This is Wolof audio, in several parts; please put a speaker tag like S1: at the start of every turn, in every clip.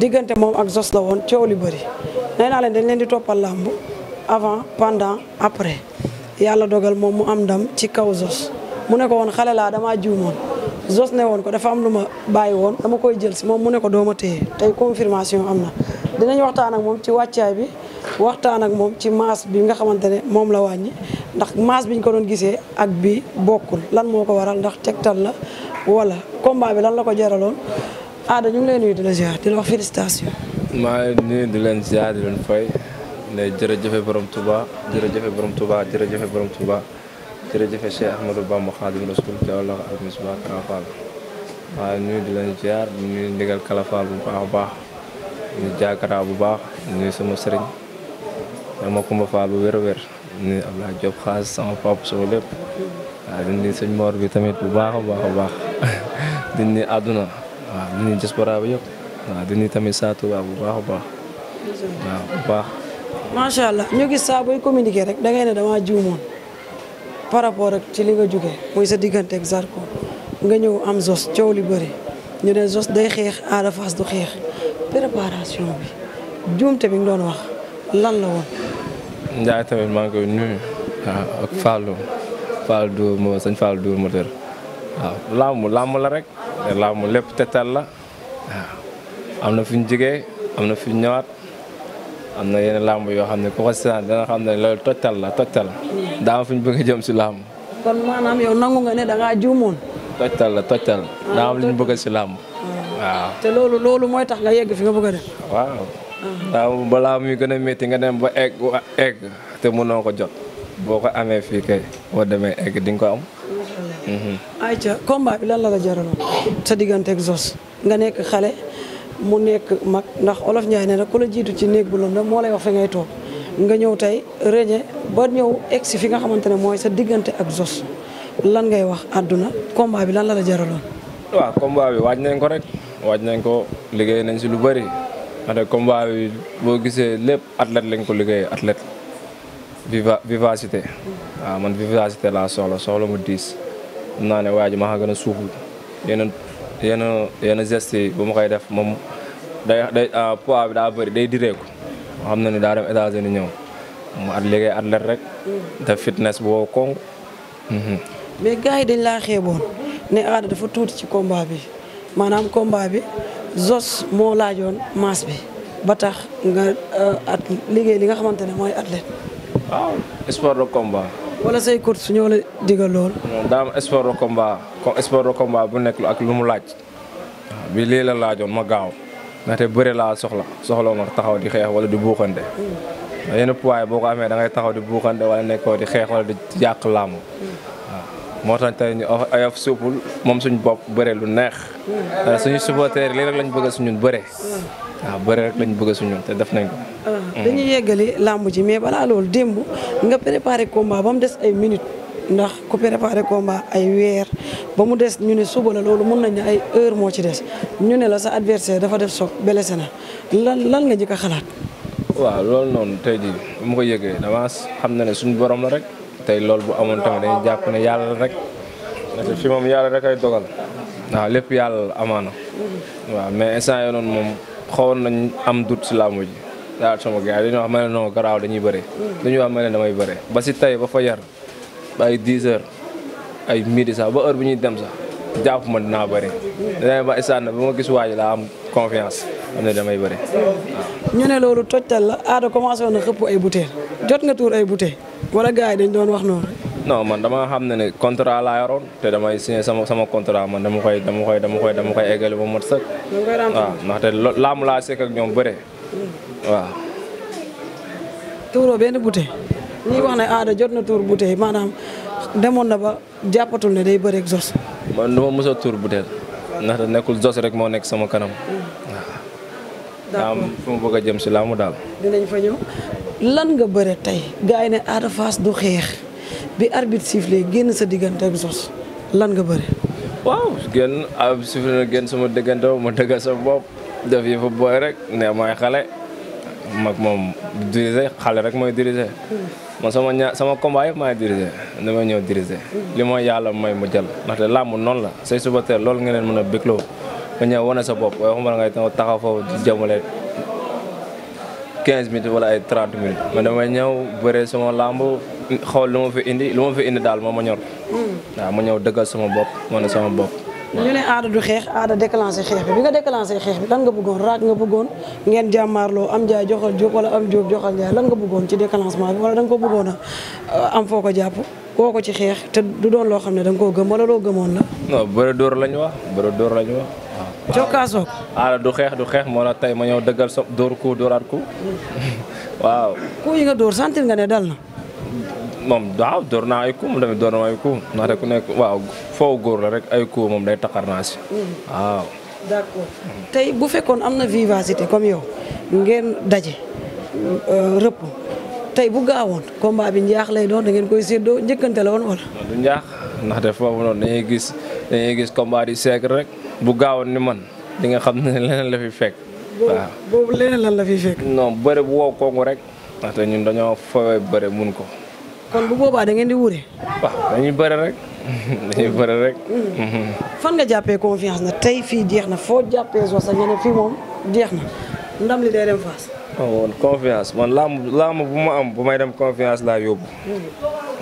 S1: diggante moom ak Zoss la woon coow li bari nee naa leen dañ leen di toppal làmb avant pendant après yàlla dogal moom mu am ndam ci kaw Zoss mu ne woon xale laa damaa juumoon Zoss ne woon ko dafa am lu ma bàyyi woon dama koy jël si moom mu ne ko dooma téye tey confirmation am na dinañ waxtaan ak moom ci wàccaay bi waxtaan ak moom ci maas bi nga xamante ne moom la wàññi ndax maas biñ ko doon gisee ak bi bokkul lan moo ko waral ndax tegtal la wala komba bi lan la ko jaraloon Ada ñu ngi lay nuyu di la ziar di la wax félicitation.
S2: maa ngi nuyu di leen ziar di leen fay ne jërëjëfe borom Touba jërëjëfe borom Touba jërëjëfe borom Touba jërëjëfe Cheikh Ahmadou Bamba Khadim Rasoul Jawla ak Misbah Kalafal maa ngi di leen ziar di nuyu ndigal Kalafal bu baax bu baax ñu jaakara bu baax nuyu sama sëriñ dama Kumba Fall bu wér a wér nuyu Abdoulaye Diop sama papa sama lépp waaw di nuyu sëñ Mor bi tamit bu baax a baax a baax di nuyu àdduna. waaw di nuyu diaspora bi yëpp waaw di nuyu tamit Sa Touba bu baax a baax waaw bu baax.
S1: macha allah ñu gis saa booy communiquer rek da ngay ne damaa juumoon par rapport ak ci li nga jógee muy sa diggante ak nga ñëw am Zoss coow li bëri ñu ne Zoss day xeex Ada Fass du xeex préparation bi juumte bi nga wax lan la woon.
S2: Ndiaye tamit maa ngi koy nuyu waaw ak Fallou Fallou Dour moo sëñ Fallou Dour moteur waaw làmb làmb la rek. làmb lépp tetal la waaw am na fu ñu am na fu ñu am na yenn làmb yoo xam ne ku ko seetaan dana xam ne loolu tojtal la tojtal daa fu ñu bëgg a jëm si làmb.
S1: kon maanaam yow nangu nga ne da ngaa juumoon.
S2: la tojtal ah, daa lu ñu bëgg si làmb. Ah.
S1: te loolu loolu mooy tax nga yegg fi nga bëgg a def.
S2: waaw. Ah. daa balaa muy gën a métti nga dem ba egg egg te mënoo ko jot boo ko amee fii kay boo demee egg di nga ko am.
S1: ayca combat bi lan la la jaraloon sa digganteeg Zos nga nekk xale mu nekk mag ndax olof Ndiaye nee na ku la jiitu ci néeg bu lëndëm moo lay wax fi ngay toog nga ñëw tey rëñe ba ñëw egg si fi nga xamante ne mooy sa diggante ak Zos lan ngay wax àdduna combat bi lan la la jaraloon.
S2: waaw combat bi waaj nañ ko rek waaj nañ ko liggéey nañ si lu bëri ndaxte combat bi boo gisee lépp athlète lañ ko liggéey athlète viva vivacité waaw man vivacité laa soxla soxla mu diis. xam naa ne waa ji maa gën a suufu yenn yenn yenn geste bu ma koy def moom day day ah, poids bi daa bëri day direeku xam na ni daa dem États-Unis ñëw mu at liggéey athlète rek def mm. fitness boo koŋ. Mm-hmm.
S1: mais gars yi laa xeeboon ne aada dafa tuuti ci combat bi maanaam combat bi Zos moo laajoon masse bi ba tax nga euh, at liggéey li nga xamante ne mooy athlète.
S2: waaw sport de combat.
S1: wala say coach ñoo la digal lool.
S2: daa am sport de bu nekk ak lu mu laaj bi lii la laajoon ma gaaw ndaxte bëre laa soxla soxla ma taxaw di xeex wala di buuxante. yenn poids boo ko amee da ngay taxaw di buuxante wala nekkoo di xeex wala di yàq làmb. moo tax tey ñu ayof suupul moom suñ bopp bëre lu neex suñu supporters lii rek lañ bëgg suñu bëre waaw bëre rek lañ bëgg suñu te def nañ ko.
S1: Ah, dañuy yeggali làmb ji mais balaa loolu démb nga préparé combat ba mu des ay minutes ndax ku préparé combat ay weer ba mu des ñu ne suba la loolu mën nañ ay heure moo ci des ñu ne la sa adversaire dafa def soog blessé na lan nga jëkk a xalaat.
S2: waaw loolu noonu tey jii bu ma ko yëgee dama xam na ne suñu borom rek tey loolu bu amoon tamit dañuy jàpp ne yàlla la rek. parce fi moom yàlla rek ay dogal. waaw lépp yàlla amaana. Mm-hmm. waaw mais instant yoo moom xawoon nañ am dut si làmb ji. daal sama gars ma ne garaaw dañuy bëre. dañuy wax ma ne damay bëre ba si tey ba fa yar ba ay 10 heures ay midi sax ba heure bu ñuy dem sax jàpp ma dinaa bëri. dinañ ba isaan na ma gis waa laa am confiance am ne damay bëri
S1: waaw. ñu ne loolu tojtal la aada commencé woon na xëpp ay bouteille jot nga tuur ay bouteille wala gars yi dañ doon wax noonu.
S2: non man dama xam ne ne contrat laa yoroon te damay si sama sama contrat man dama koy dama koy dama koy dama koy eggale ba mot sëkk. waaw ndaxte laamu laa sekk ak ñoom bëre. waaw.
S1: tuuroo benn bouteille ñi wax ne aada jot na tuur bouteille maanaam demoon na ba jàppatul ne day bëreeg Zoss.
S2: man du ma mos a nekkul Zoss rek moo nekk sama kanam. Hmm. waaw fu a jëm si laamu daal.
S1: dinañ lan nga bëre tey gars yi ne Ada Fass du xeex bi arbitre sifflé génn sa diggante ak Zoss lan nga bëre.
S2: waaw génn arbitre sifflé na génn sama ma dëggal sa bopp def yi fa booy rek ne maay xale. mag moom diriger xale rek mooy diriger moo sama ña sama combat yëpp maay diriger ñëw diriger li ma yàlla may mu jal jël ndaxte làmb noon la say supporters loolu nga leen mën a bégloo nga ñëw wane sa bopp waaye waxuma ngay taxaw foofu di jëmale 15 minutes wala ay 30 minutes man damay ñëw bëree sama làmb xool lu ma fi indi lu ma fi indi daal moo ma ñor
S1: mm.
S2: waaw ma ñëw dëggal sama bopp ma ne sama bopp
S1: ñu ne aada du xeex aada déclenché xeex bi bi nga déclenché xeex bi lan nga bëggoon raak nga bëggoon ngeen jàmmaarloo am jaay joxal jóob wala am jóob joxal jaay lan nga bëggoon ci déclenchement bi wala da nga ko bëggoon a euh, am foo ko jàpp woo ko ci xeex te du doon loo xam ne da koo gëm wala loo gëmoon la
S2: non door dóor lañu wax bëre dóor lañu wax cokkaasoo aada du xeex du xeex moo tey ma ñëw dëggal so dóor ko dóoraat ko mm. waaw
S1: ku yi nga door sentir nga ne dal na
S2: moom waaw door naa ay coup moom door na ay coup ndaxte ku nekk waaw foofu góor la rek ay coup moom day taxar naa si mm. waaw.
S1: d'accord bu fekkoon am na vivacité comme yow ngeen daje euh, rëpp tey bu gaawoon combat bi njaax lay doon da ngeen koy séddoo njëkkante la woon wala.
S2: du njaax ndaxte foofu noonu dañuy gis dañuy gis combat di seeg rek bu gaawoon ni man di nga xam ne leneen la fi fekk. waaw boobu leneen lan la fi fekk. non bëre bu wow kooku rek. ndaxte ñun dañoo fooy bëre mun ko.
S1: kon bu boobaa da ngeen di wuure.
S2: waaw dañuy bëre rek dañuy bëre
S1: fan nga jàppee confiance na tey fii jeex na foo jàppee soo sa nga fii moom jeex na ndam li day dem faas.
S2: waaw oh, confiance man laamu bu ma am bu may dem confiance laa yóbbu. Hmm.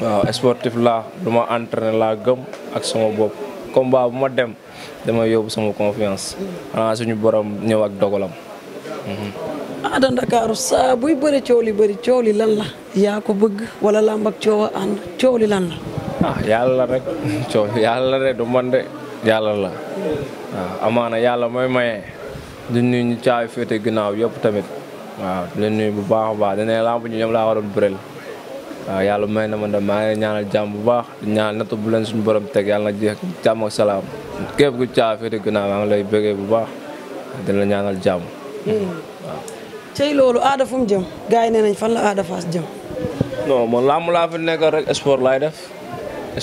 S2: waaw sportif laa lu ma entraîné laa gëm ak sama bopp combat bu ma dem dama yóbbu sama confiance hmm. xanaa suñu borom ñëw ak dogalam. Hmm.
S1: Aada Ndakaaru saa buy coow li bëri coow li lan la yaa ko bëgg wala làmb ak li lan
S2: ah, yàlla rek coow yàlla rek du man de yàlla la waaw ah, amaana yàlla mooy maye di nuyu ñu caayu féete ginnaaw yëpp tamit waaw ah, di nuyu bu baax a baax dinañ làmb ñu ñoom laa waroon bëreel waaw yàlla may na ma de maa ñaanal jàmm bu baax di ñaanal natt bu leen suñu borom teg yàlla na jeex jàmm ak salaam képp ku caayu féete ginnaaw maa ngi lay bëggee bu baax dina la ñaanal jàmm.
S1: Hmm. cey loolu aada fu jëm gars yi nee nañ fan la aada faas jëm.
S2: non man làmb laa fi nekk rek sport laay def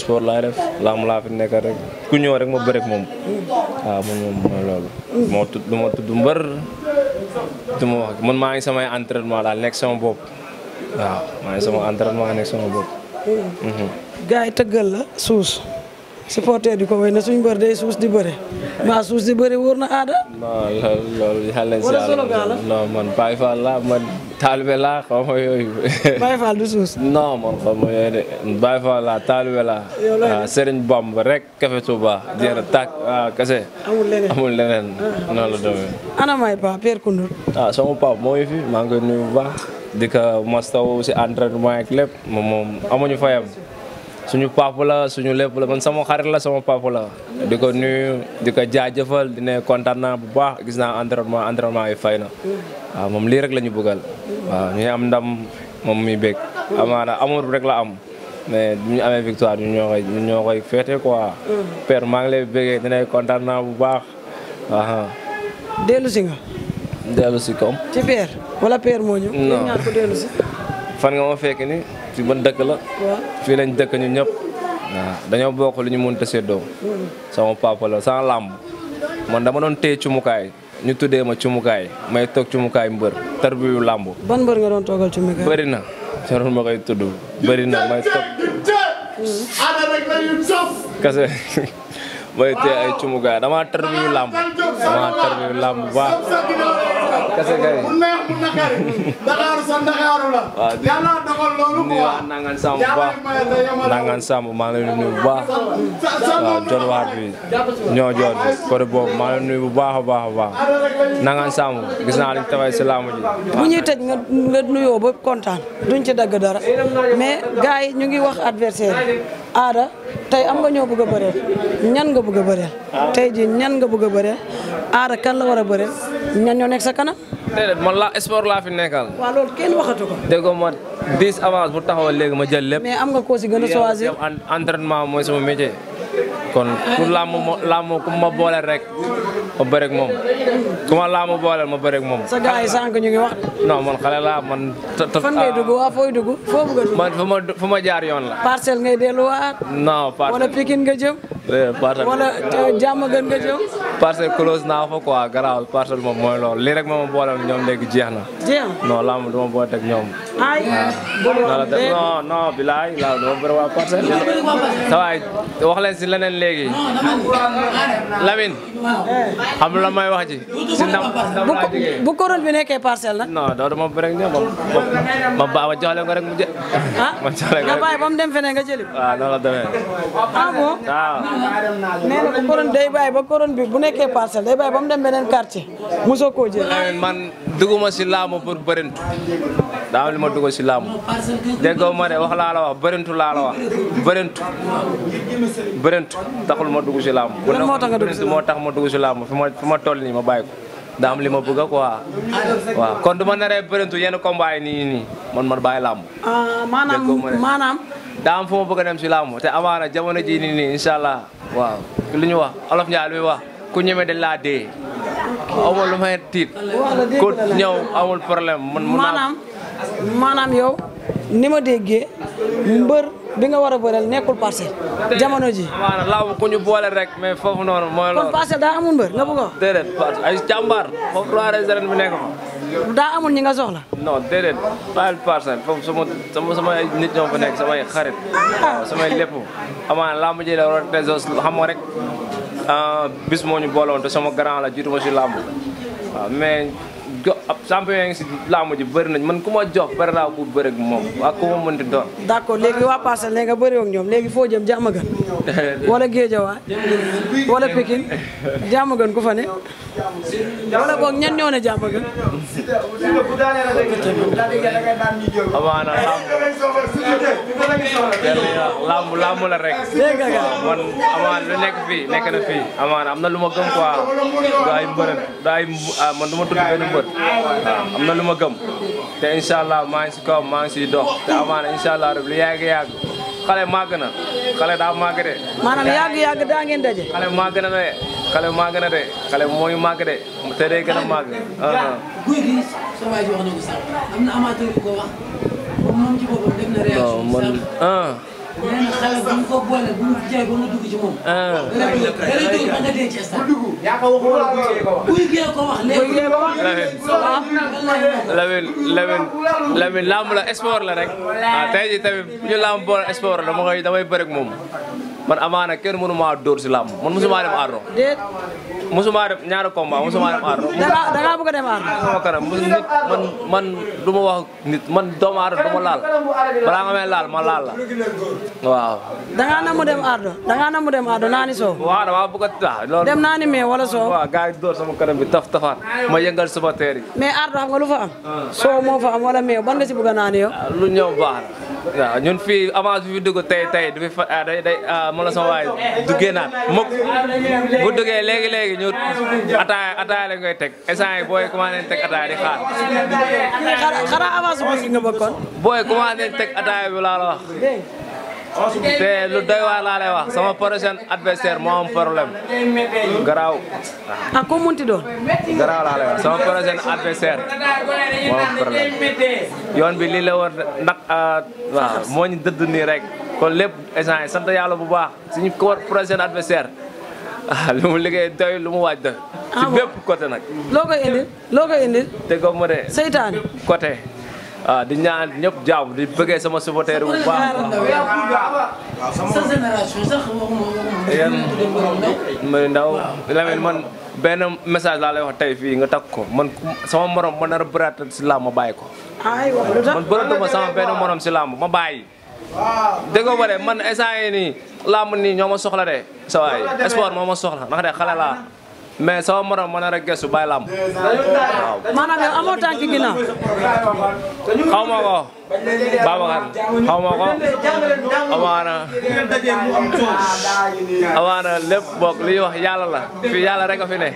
S2: sport laay def làmb laa fi nekk rek ku ñëw rek ma bëreeg moom. waaw loolu. moo mm. tudd lu ma tudd mbër du ma wax maa ngi samay entraînement daal nekk sama bopp waaw maa ngi sama entraînement nekk sama bopp. Mm. Mhm.
S1: gars tëggal la suus. supporter di ko wéy na suñu mbër day suus di bëre maa suus di bëre wóor na aada.
S2: non loolu loolu yàlla si yàlla non man Baye du suus. non man xaw ma yooyu de Baye laa taalibe laa. yow la ah, rek Café Touba jeex na tàkk waaw ah, kese. amul leneen amul leneen ah. noonu
S1: ana may paa Père Koundoul. ah sama paa moo fi maa ngi koy nuyu bu baax
S2: di ko mastaw si entraînement ak lépp moom moom amuñu fayam. suñu papa la suñu lépp la man sama xarit la sama papa la di ko nuyu di ko jaajëfal di ne kontaan bu baax gis naa entraînement entraînement yi fay na waaw moom lii rek la ñu bëggal waaw ñu am ndam moom muy bég na amour rek la am mais bu ñu amee victoire ñu ñoo koy ñu ñoo koy féete quoi père maa ngi lay bégee kontaan naa bu baax waaw dellu si nga dellu si kom
S1: ci père wala père moo
S2: fan nga ma fekk ni fii ban dëkk la. fii lañ dëkk ñu ñëpp. waaw dañoo bokk lu ñu mënut a séddoo. Hmm. sama papa la sama làmb man dama doon téye cumukaay ñu tuddee ma cumukaay may toog cumukaay mbër tarbiyu làmb.
S1: ban mbër nga doon toogal cumukaay. bëri
S2: na jarul ma koy tudd na may toog. kase may téye ay cumukaay damaa tarbiyu làmb
S1: damaa tarbiyu làmb bu kese kay bu neex
S2: nangan sàmm baax nangan sàmm maa ngi lay bu baax.
S1: ñoo jot bu
S2: baax a baax baax nangan sàmm gis naa li taway si laamu ji. bu ñuy
S1: tëj nga nuyoo ba kontaan duñ ci dagg dara mais gars ñu ngi wax adversaire aada. tey am nga ñoo bëgg a bëreel ñan nga bëgg a bëreel tey jii ñan nga bëgg a bëreel aada kan la war a bëreel ñan ñoo nekk sa kanam.
S2: déedéet man la sport laa fi nekkal. waaw loolu kenn waxatu ko. déggoo ma 10 avance bu taxawal léegi ma jël lépp. mais
S1: am nga koo si gën a choisir
S2: entraînement mooy sama kon ku làmb mo làmb ku ma booleel rek ma bëreeg moom ku ma làmb booleel ma bëreeg moom. sa gars yi sànq ñu ngi wax. non man xale laa man. fan ngay ah. dugg
S1: waa fooy dugg foo
S2: ma fu ma jaar yoon la.
S1: parcelle ngay delluwaat.
S2: non parcelle wala Pikine nga jëm. Eh, parcelle wala euh, jàmm gën nga jëm. parcelle close naa fa quoi garaawal parcelle moom mooy loolu lii rek ma ma booleel ñoom léegi jeex na. jeex na non du ma booleel ak ñoom. ay non non bilaay laaw dama bëri waa parcelle sawaay wax leen si leneen léegi Lamine xam la may wax ji si ndam
S1: bu koron bi nekkee parcelle la non
S2: doo dama bëri ñoom ma ba ma jox ko rek mu jë ah ma jox leen ko
S1: mu dem feneen nga jëli waaw noonu la demee ah bu koron day bàyyi ba koron bi bu nekkee parcelle day bàyyi ba mu dem beneen quartier mosoo koo jël
S2: Lamine man dugguma si laamu pour bërintu daa am li ma dugg si laamu déggoo ma de wax laa la wax bërintu laa la wax bërintu bërintu taxul ma dugg si laamu. lan moo tax moo tax ma dugg si laamu fi ma fi ma toll nii ma bàyyi ko daa li ma bëgg ko
S1: waaw
S2: kon du ma naree bërintu yenn combat yi ni nii man ma bàyyi laamu.
S1: Ah, maanaam maanaam.
S2: ma bëgg dem si laamu te amaana jamono jii ni nii incha allah waaw li ñu olof Ndiaye li wax ku ñeme dañ laa dee. amul lu may tiit. ku ñëw amul problème man mun
S1: maanaam maanaam yow ni ma déggee mbër bi nga war a bëreel nekkul parcelle. jamono ji
S2: maanaam laaw ku ñu boole rek mais foofu noonu mooy loolu. kon parcelle
S1: daa amul mbër nga bëgg a wax.
S2: déedéet ay jàmbaar foofu roi des arènes bi
S1: daa amul ñi nga soxla.
S2: non déedéet pas parcelle foofu sama sama nit ñoo fa nekk samay xarit. Ah. samay lépp amaana laa mujjee la war a xam nga rek. Euh, bis moo ñu booloon te sama grand la jiitu ma si làmb waaw mais ab champion yaa ngi si laamu ji bëri nañ man ku ma jox bëri naa ko bëri ak moom ak ku ma mënti doon.
S1: d' waa Parcelles léegi nga bëri ak ñoom léegi foo jëm jàmm gan. wala Géejawaay wala Pikine jàmm gan ku fa wala boog ñan ñoo ne
S2: amaana lu na lu ma gëm quoi du ay mbërën du ay man du ma tudd benn mbër. waaw am na lu ma gëm te incha allah maa ngi si kawam maa ngi siy dox te amaana incha allah rek lu yàgg yàgg xale màgg na xale daa màgg de. maanaam yàgg
S1: yàgg daa ngeen daje. xale
S2: màgg na de xale màgg na de xale moo ngi màgg te day gën a màgg. Ah.
S1: guy gi sama waay ji wax na ko am na amateur ko wax moom beneen xale bu ñu ko boole bu ñu ko jëlee ba mu dugg ci moom.
S2: Ah. beneen dugg beneen dugg ba nga
S1: dee ci stade. yaa ko wax buy gee ko wax léegi. Lamine
S2: Lamine Lamine lamb la sport la rek. ah tey jii tamit ñu lamb boole sport la dama koy damay bëri ak moom. man amaana kenn mënu maa dóor si làmb man mosuma dem ardo déet mosuma dem ñaari combat mosuma dem ardo
S1: da ngaa bëgg a dem ardo
S2: sama kanam nit ma wax nit ma laal
S1: balaa nga may laal ma la waaw da na mu dem ardo da ngaa na mu dem ardo naani soow
S2: waaw damaa bëgg a waaw loolu dem naani mais wala soow waaw gars sama kanam bi taf tafaan ma yëngal sama teer yi
S1: mais ardo xam nga lu fa soow moo fa am wala mais si bëgg a naani yow lu ñëw baax
S2: na waaw ñun fii fi dugg tey tey dafa ah, day day ah, ma la sama waay du génnaat mukk bu duggee léegi léegi ñu ataaya ataaya lañ koy teg instant yi booy commencé nañ di xaar.
S1: xanaa avance bi nga bëggoon.
S2: booy commencé nañ teg wax. te lu doy waar laa wax sama prochain adversaire moo am problème garaaw.
S1: Ah, doon. garaaw laa wax sama prochain
S2: adversaire yoon bi lii war nag ah, waaw moo ñu rek. kon lépp échange sant yàlla bu baax suñu prochain adversaire ah lu mu liggéey doy lu mu waaj doy. ci ah, bépp côté nag. loo koy indil loo koy indil. déggoo ma de. seytaane côté. Ah, di ñaan ñëpp jàmm di bëggee sama supporter bu baax. waaw
S1: sa génération
S2: benn message laa lay wax tey fii nga takk ko man sama morom ma nar a bëraat si làmb ma bàyyi ko.
S1: Ah, ay wax lu sama benn
S2: morom si làmb ma bàyyi. dégg ma de man instant yii nii làmb nii ñoo ma soxla de. sa waay sport moo ma soxla ndax de xale laa. mais sama moro mën a rek gëstu bàyyi lamb
S1: waaw. maanaam yow amoo tànk ginnaaw. xaw ma ko. Babacar xaw ma ko.
S2: amaana. lépp bokk li ñuy wax yàlla la fi yàlla rek a fine ne.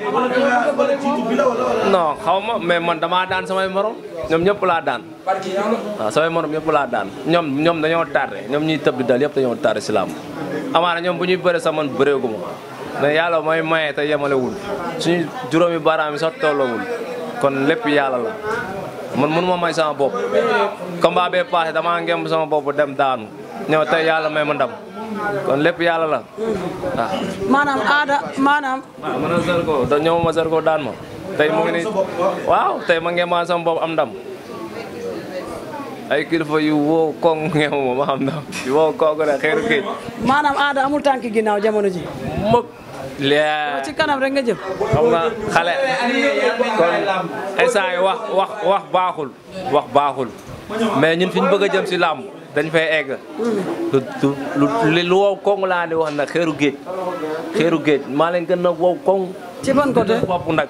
S2: non xaw ma mais man damaa daan samay moro ñoom ñëpp laa daan. waaw samay morom ñëpp laa daan ñoom ñoom dañoo tardé ñoom ñuy tëb di dal yëpp dañoo tardé si lamb amaana ñoom bu ñuy bëre sax man bëreeguma. ne yàlla mooy maye te yemalewul suñu juróomi baaraam yi sax tolloowul kon lépp yàlla la man mënuma may sama bopp combat bee passé damaa ngemb sama bopp dem daanu ñëw tey yàlla may ma ndam kon lépp yàlla la waaw.
S1: maanaam aada maanaam.
S2: waaw ma ne Zarko da ñëw ma Zarko daan ma tey mu ngi nii waaw tey ma ngemaa sama bopp am ndam. ay kilifa yu woo koŋŋ ngeemu ma am ndam yu woo koŋŋ rek xeeru géej.
S1: maanaam aada amul tànk ginnaaw jamono ji.
S2: léegi ci
S1: kanam rek nga jëm. xam nga xale kon
S2: instant wax wax baaxul wax baaxul mais ñun fi ñu bëgg a jëm si làmb dañ fay egg. Mm-hmm. lu wow koŋŋ laa di wax nag xeeru géej. xeeru géej maa leen gën a wow koŋŋ. ci ban côté bopp nag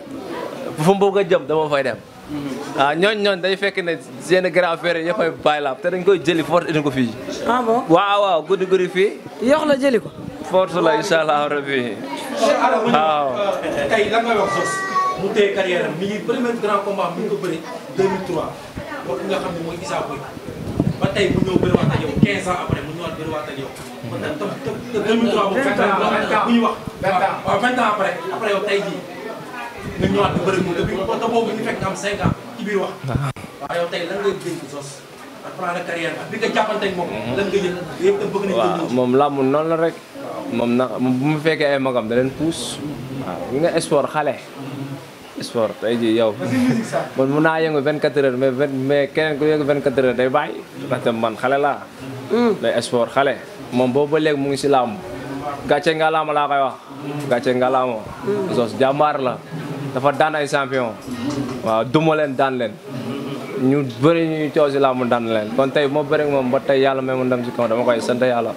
S2: fu jëm dama fay dem. Mm-hmm. ah ñooñ ñooñ dañu fekk ne seen grand frère ya fay bàyyi laam te dañ koy jëli force indi ko fii. Ah waaw waaw guddi guddi fii. yox la jëli ko. force la incha allah rabi. waaw tey lan ngay wax Zoss mu téye carrière am mi ngi premier grand combat mi ngi ko bëri 2003 boobu nga xam ne mooy Issa Pouye ba tey mu ñëw bëriwaat ak yow 15 ans après mu ñëwaat bëriwaat ak yow. kon nag te te 2003 bu fekk bu ñuy wax. 20 ans waaw 20 ans après après yow tey jii nga ñëwaat di bëri mu depuis côté boobu ñu fekk nga am 5 ans ci biir wax. waaw yow tey lan ngay dénk Zoss. ak plan de carrière bi nga jàppante ak moom. Mm-hmm. lan nga yëg yëpp te bëgg nañ ko. waaw moom làmb noonu la rek. moom na bu mu fekkee ay magam da leen puus waaw nga sport xale sport tey jii yow man mun naa yëngu 24 heures mais mais keneen ku yëngu 24 heures day bàyyi ndaxte man xale laa mm. day sport xale moom boobu ba léegi mu ngi si làmb gàcce nga làmb laa koy wax gàcce nga làmb Zoss mm. la dafa daan ay champion waaw duma leen daan leen ñu bëri ñuy coow si làmb daan leen kon tey moo bëri moom ba tey yàlla may mu ndam si kaw dama koy sant yàlla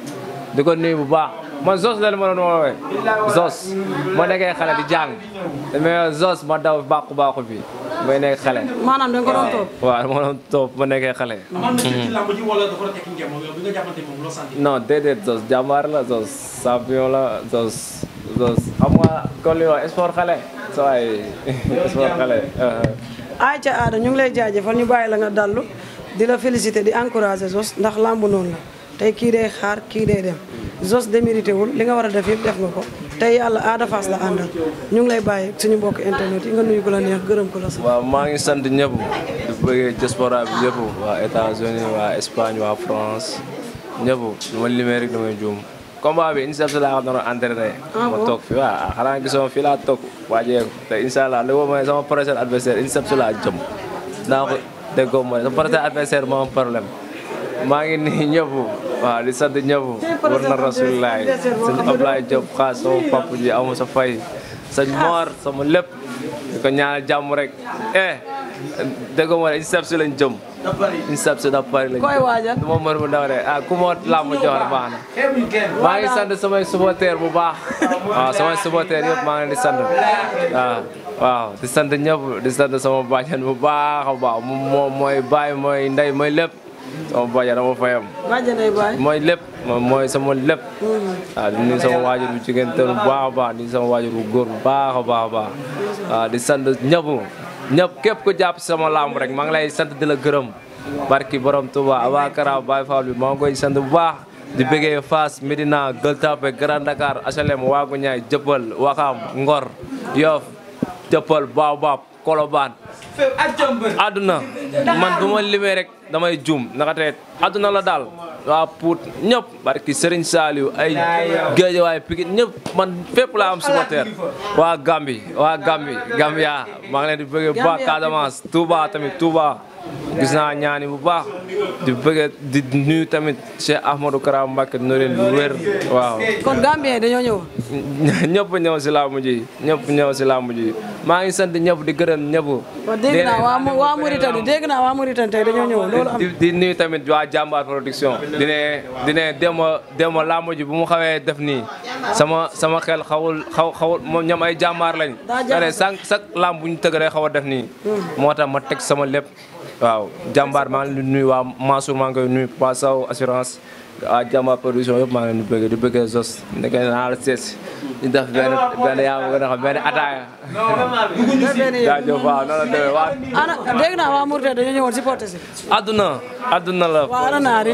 S2: di ko nuyu bu baax man Zos la ma doon woowee Zos ma nekkee xale di jàng mais Zos ma daw bàqu bàqu bi may nekk xale. maanaam da nga ko doon ma nekkee xale. amoon ci làmb ji wala dafa tekki ngeen moom yow bi nga jàppante moom la Zos champion la Zos Zos xam nga sport xale sa
S1: ay ca aada ñu ngi lay jaajëfal ñu bàyyi la nga dallu di la féliciter di encourager Zos ndax lamb noonu la tey kii day xaar kii day dem. Zoss démérité wul li nga war a def yëpp def nga ko tey yàlla Ada Fass la àndal ñu ngi lay bàyyi suñu mbokk internet yi nga nuyu ko la neex gërëm ko la sax.
S2: waaw maa ngi sant ñëpp di bëggee diaspora bi ñëpp waa États-Unis waa Espagne waa France ñëpp lu ma limee rek damay juum. combat bi incha allah laa doon ah ma toog fi waaw xanaa gisoo fii laa toog waajee ko te incha allah li ma sama prochain adversaire incha allah jëm naa ko déggoo mooy sama prochain adversaire moom maa ngi nii ñëpp. waaw di sant ñëpp war na rasulilaay sëñ Ablaye Diop xaas sama papa ji amu sa fay sëñ Mor sama lépp di ko ñaanal jàmm rek eh dégg nga mooy si lañ jëm. INSEP si dafa pari lañ mu daw ah, ku ma làmb jox la baax na. maa ngi sant samay supporters bu baax. waaw samay supporters yëpp maa ngi di sant waaw. waaw di sant ñëpp di sant sama bàjjan bu baax baax moom mooy baay mooy ndey mooy lépp. sama bàjjan dama fayam.
S1: bàjjanay baay
S2: mooy sama lépp. Mm-hmm. waaw di nuyu sama waajur bu jigéen bu baax a baax sama waajur bu góor bu baax a baa di sant ñëpp ñëpp képp ko jàpp sama lamb rek maa ngi lay sant dila la gërëm. barki borom Touba Abakara Baye Fall bi maa ngi koy sant bu baax. di bëggee Fass Medina Gueule Tapée Grand Dakar HLM Waagu Ñaay Jëppal Waxam Ngor Yoff Jëppal Baobab. Colobane. àdduna man bu ma limee rek damay juum ndaxte àdduna la daal waa Pout ñëpp barki Serigne Saliou ay Guédiawaye Pikine ñëpp man fépp laa am waa Gambi waa Gambi Gambia maa leen di bëggee ba Casamance Touba tamit Touba gis naa ñaani bu baax di bëgg di nuyu tamit Cheikh Ahmadou Kara Mbacké noreen bu wér waaw. kon
S1: Gambien dañoo ñëw.
S2: ñëpp ñëw si làmb ji ñëpp ñëw si làmb ji maa ngi sant ñëpp di gërëm ñëpp.
S1: dégg naa waa dañoo ñëw loolu am
S2: di nuyu tamit waa jàmbaar production di ne di ne dema dema làmb ji bu mu xawee def nii sama sama xel xawul xaw xawul moom ñoom ay lañ. daa jàmbaar sànq sax bu ñu tëgg rek xaw a def nii. Hmm. moo tax ma teg sama lépp. waaw jàmbaar maa ngi nuyu maa ngi koy nuyu assurance waa jàmbaar production yëpp maa ngi leen di bëggee di bëggee Zos nekk naa la sees ñu def benn ma gën a xam benn ataaya. jaajëf waaw noonu la demee waaw.
S1: ana dégg naa waa Mouride dañoo ñëwoon supporter
S2: àdduna la. waaw
S1: ana naa di